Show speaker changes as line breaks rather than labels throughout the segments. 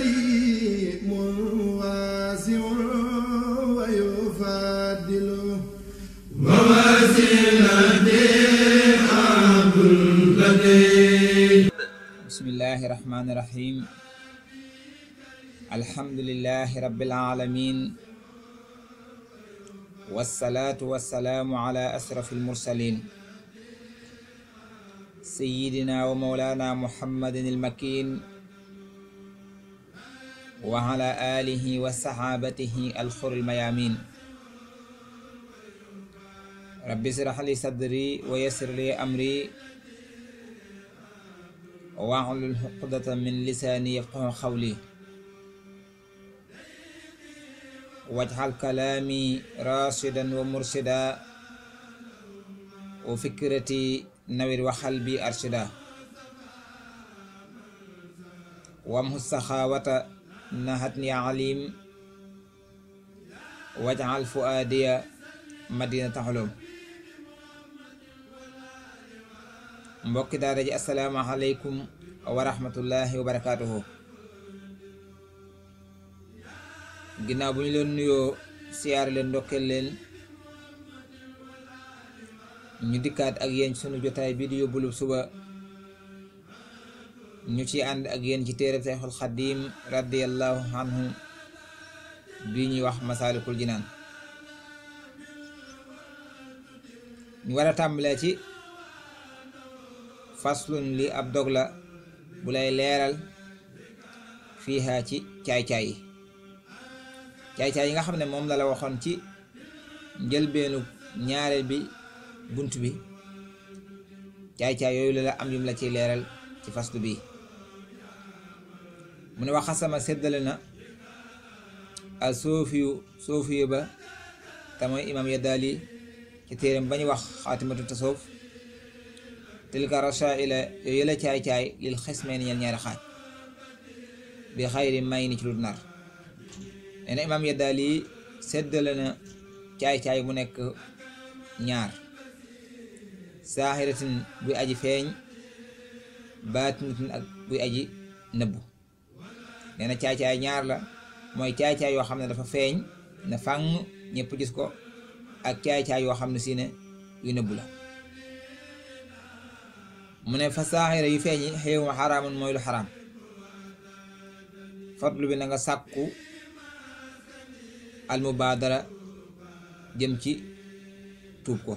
كريم واسع ويفادل موازين الدين بسم الله الرحمن الرحيم الحمد لله رب العالمين والصلاة والسلام على أشرف المرسلين سيدنا ومولانا محمد المكين وعلى آله وصحابته الخر الميامين رب اشرح لي صدري ويسر لي أمري وعلى الحقدة من لساني يفقه قولي واجعل كلامي راشدا ومرشدا وفكرتي نوير وخلبي أرشدا وامه السخاوة nahatni alim wajal fuadiya madina taxalum mbokki daara ji asalaamaaleykum wa rahmatullahi wa barakaatuhu ginnaaw bu ñu leen nuyoo siyaar leen ndokkeel leen ñu dikkaat ak yéen sunu jotaay bi di suba ñu ci ànd ak yéen ci téereb Seexul Xadiim radiyallahu anhu bi ñuy wax Masaalikul Jinaan ñu war a tàmbalee ci faslun li ab dog la bu lay leeral fiiha ci caay-caay yi caay-caay yi nga xam ne moom la la waxoon ci njëlbeenu ñaare bi bunt bi caay-caay yooyu la la am yum la ciy leeral ci faslu bii mu ne waxasama séddale na al soofiyu soofiyu ba te mooy imaam yaddaali ci téeram ba ñu wax xaatimatu tasoof tilka rasaila yooyu yëla caay-caay lil xismeen ñeel ñaari xaaj bi xayri may ni ci lu nar nee na imaam yaddaali séddale na caay-caay bu nekk ñaar saaxiratin buy aji feeñ baatinatin ak buy aji nëbbu nee na caay-caay ñaar la mooy caay-caay yoo xam ne dafa feeñ ne fang ñëpp gis ko ak caay-caay yoo xam ne si ne yu nëbbu la mu ne fa saaxira yu feeñi xëyuma xaraamun mooy lu xaraam fatlu bi na nga sàkku almubaadara jëm ci tuub ko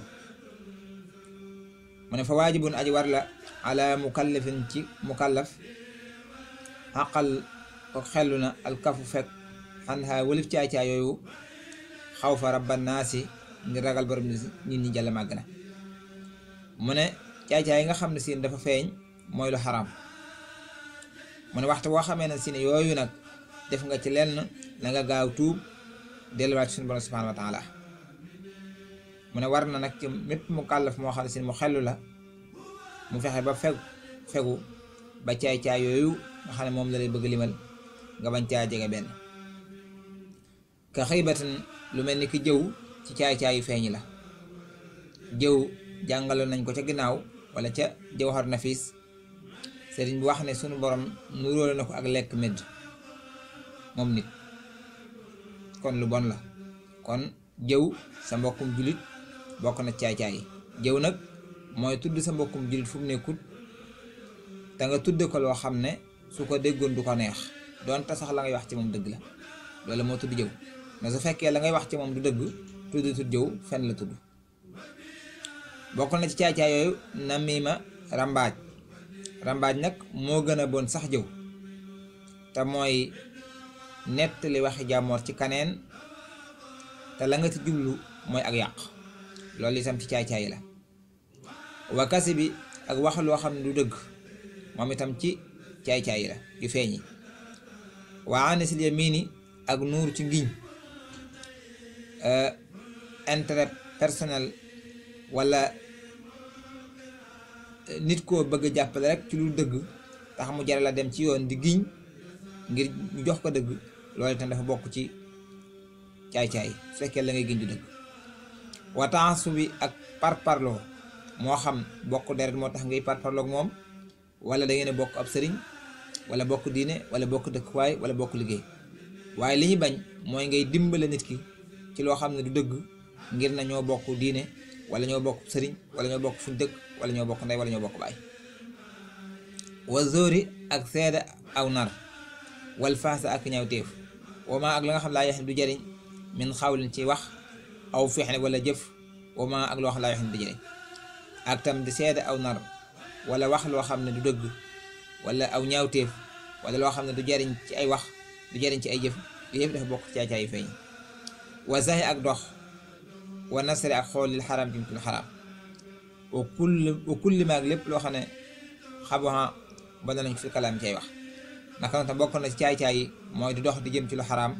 mu ne fa waajibun aji war la ala mukallafin ci mukallaf xaqal kon xellu na alkafu fekk xan xaa walif caay-caay yooyu xaw fa rabba naasi ngir ragal borom nit ñi jàll màgg na mu ne caay-caay yi nga xam ne siin dafa feeñ mooy lu xaraam mu ne waxtu woo xamee na si yooyu nag def nga ci lenn la nga gaaw tuub delluwaat suñu borom subhanahu wa mu ne war na nag ci mu kàllaf moo xam ne siin mu xellu la mu fexe ba fegu fegu ba caay-caay yooyu nga xam ne moom la lay bëgg limal nga bañ caa jege benn ka xëybatan lu mel ni ki jëw ci caay-caayu feeñ la jëw jàngaloon nañ ko ca ginnaaw wala ca na nafis sëriñ bu wax ne sunu borom nuróole na ko ak lekk medd moom nit kon lu bon la kon jëw sa mbokkum jullit bokk na caay-caay jëw nag mooy tudd sa mbokkum jullit fu mu nekkut te nga tudde ko loo xam ne su ko déggoon du ko neex doonte sax la ngay wax ci moom dëgg la loolu moo tudd jëw mais su fekkee la ngay wax ci moom du dëgg tudd tudd jëw fen la tudd bokk na ci caay-caay yooyu ma rambaaj rambaaj nag moo gën a bon sax jëw te mooy nett li waxi jàmmoor ci kaneen te la nga ci jublu mooy ak yàq loolu itam ci caay-caay la wakasi bi ak wax loo xam ne du dëgg moom itam ci caay-caay la yu feeñi wa anasil yamini ak nur ci euh intérêt personnel wala nit ko bëgg jappal rek ci lu dëgg tax mu jare la dem ci yoon di giñ ngir jox ko dëgg loolu tan dafa bokk ci caay-caay fekke la ngay giñ du dëgg wa ta'asubi ak parlo mo xam bokku deret moo tax ngay ak mom wala da ngeen bokku ab serigne wala bokk diine wala bokk dëkkuwaay wala bokk liggéey waaye li bañ mooy ngay dimbale nit ki ci loo xam ne du dëgg ngir na ñoo bokk diine wala ñoo bokk sëriñ wala ñoo bokk fuñ dëkk wala ñoo bokk ndey wala ñoo bokk baay wa zóori ak seeda aw nar wal faasa ak ñaawteef wama ak la xam laa yaxin du jariñ min xawlin ci wax aw fexle wala jëf wama ak loo xam laa yaxin du jariñ ak tam di seeda aw nar wala wax loo xam ne du dëgg wala aw ñaawteef wala loo xam ne du jariñ ci ay wax du jariñ ci ay jëf yooyu yëpp dafa bokk ci caacaay yu feeñ wa zahi ak dox wa nasare ak xool lil xaram jumtul xaram wa kull wa kulli maag lépp loo xam ne xabohan ba na nañ fi kalaam ci ay wax naka noonu tam bokk na ci caay-caay yi mooy di dox di jëm ci lu xaraam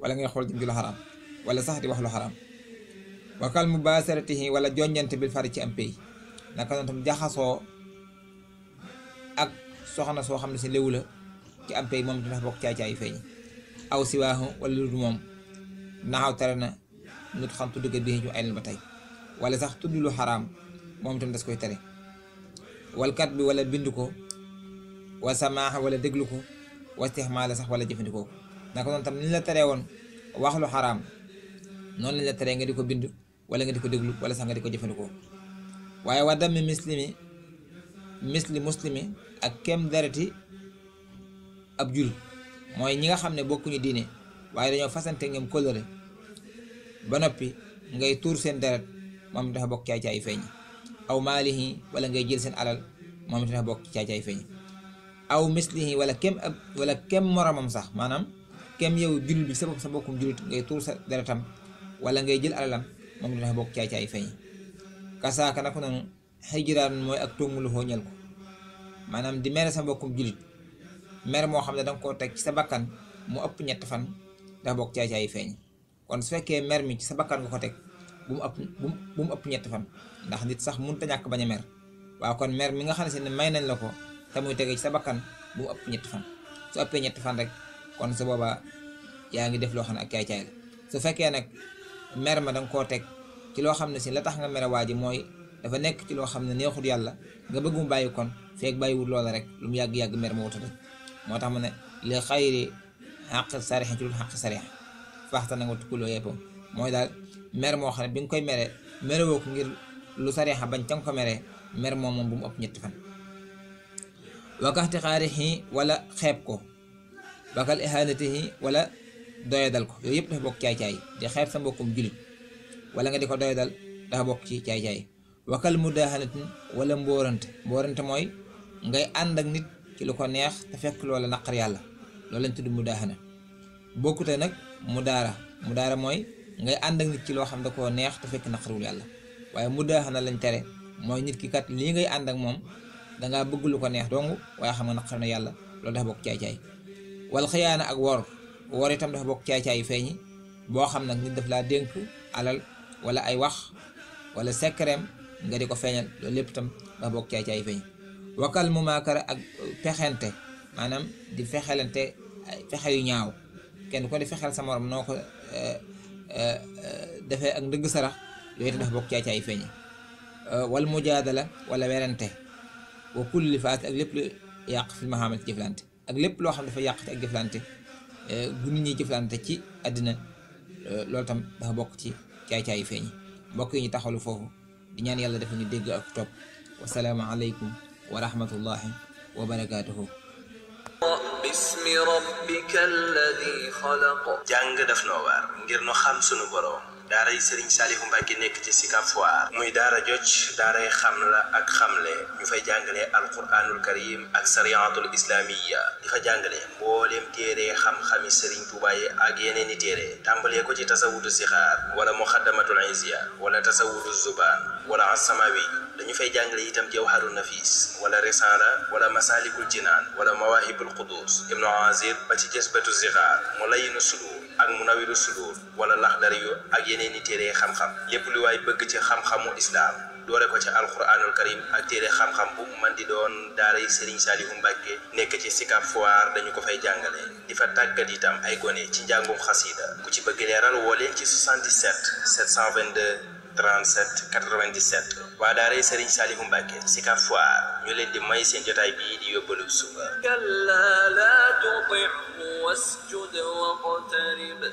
wala ngay xool jëm ci lu xaraam wala sax di wax lu xaraam wakal mu baasaratihi wala jonjante bil fari ci am pay naka noonu tam jaxasoo soxna soo xam ne si léwu la ci ab tey moom dina bokk caay-caay feeñ aw si waaxu wala lu moom naaw tare na nut xam tudd ko bii ñu aynal ba tey wala sax tudd lu xaraam moom itam das koy tare walkat bi wala bind ko wa samaaxa wala déglu ko wa istixmaala sax wala jëfandikoo naka noonu tam ni la taree woon wax xaraam noonu lañ la nga di ko bind wala nga di ko déglu wala sax di ko jëfandikoo waaye wa dammi muslimi misli muslimi ak kem dereti ab julit mooy ñi nga xam ne bokkuñu diine waaye dañoo fasante ngeen kóllëre ba noppi ngay tuur seen deret moom dafa bokk caay-caay feeñ aw maalihi wala ngay jël seen alal moom dafa bokk caay-caay feeñ aw mislihi wala kem ab wala kem moromam sax maanaam kem yow julit bi sa bopp sa bokkum julit ngay tuur sa deretam wala ngay jël alalam moom dafa bokk caay-caay feeñ kasaaka naka noonu hijran moy ak tóngulu hoñal ko manam di mere sa mbokkum julit mere mo xamne dang ko tek ci sa bakkan mu upp ñett fan da bok ci caay feñ kon su fekke mi ci sa bakkan nga ko tek bu mu upp bu mu upp ñett fan ndax nit sax mënut ta ñak baña mer kon mer mi nga xamne ci may nañ la ko ta muy tege ci sa bakkan bu upp ñett fan su uppe ñett fan rek kon su boba yaangi def lo xamne ak caay su fekke nak mer ma dang ko tek ci lo xamne ci la tax nga mere waji moy dafa nekk ci loo xam ne neexul yàlla nga bëgg mu bàyyi kon feeg bàyyiwul loola rek lu mu yàgg-yàgg mer ma wuta moo tax ma ne li xayri xàq sarix ci dul xàq sarix faxta na nga mooy daal mer moo xam ne bi koy mere mere ko ngir lu sarixa bañ ca mer moom mu ëpp ñetti fan wakaxti xaarixi wala xeeb ko wakal ihanatihi wala doyadal ko yooyu yëpp dafa bokk caay di xeeb sa mbokkum julit wala nga di ko doyadal dafa bokk ci caay-caay wakal mudahalatin wala mborante mborante moy ngay and ak nit ci lu ko neex ta fekk loola naqar yalla loolu lañ tudd mudahana tay nak mudaara mudaara moy ngay and ak nit ci lo xam da ko neex ta fekk naqarul yalla waye mudahana lañ téré moy nit ki kat li ngay and ak da nga bëgg lu ko neex dong waye xam nga naqar na ciay wal khiyana ak wor wor itam da bok ciay ciay feñi bo xam nak nit daf la denk alal wala ay wax wala secret nga di ko feeñal loolu lépp tam nga bokk ci ay feeñ wakal mu ak pexente maanaam di fexelante fexe yu ñaaw kenn ko di fexel sa morom noo ko defee ak ndëgg sarax yooyu te dafa bokk ci ay feeñ wal mujaadala wala werante wa kulli faat ak lépp lu yàq fi maxaamal ci jëflante ak lépp loo xam dafa yàq ci ak jëflante gu nit ñi jëflante ci àddina loolu tam dafa bokk ci caay caay feeñ mbokk yi ñu taxalu foofu di ñaan yàlla dafa ñu dégg ak topp wasalaamu aleykum wa rahmatullahi wa barakaatuhu بسم ربك الذي خلق جانغ daf وار waar نو خام سونو sunu daaray Serigne Saliou Mbacke nekk ci Sicap Foire muy daara joj daaray xam la ak xamle ñu fay jàngalee alquranul karim ak sariatul islamiya di fa jàngale mbooleem téere xam-xami Serigne Touba yi ak yeneen i téere tàmbalee ko ci tasawudu sixaar wala muxaddamatul izya wala tasawudu zubaan wala asamawi dañu fay jàngale itam jawharu nafis wala risaala wala masalikul jinaan wala mawahibul qudus ibnu azir ba ci jësbatu zixaar mu layinu ak munawiru sudur wala laxdari yu ak yeneen i téere xam-xam lépp lu waay bëgg ci xam-xamu islaam doore ko ci alquranul karim ak téere xam-xam bu man di doon daaray Serigne Saliou Mbacke nekk ci Sicap Foire dañu ko fay jàngale di fa tàggat itam ay gone ci njàngum xasida ku ci bëgg leeral woo leen ci 77 722 37 97 waa daaray Serigne Saliou Mbacke Sicap Foire ñu leen di may seen jotaay bii di yóbbalu suba واسجد واقترب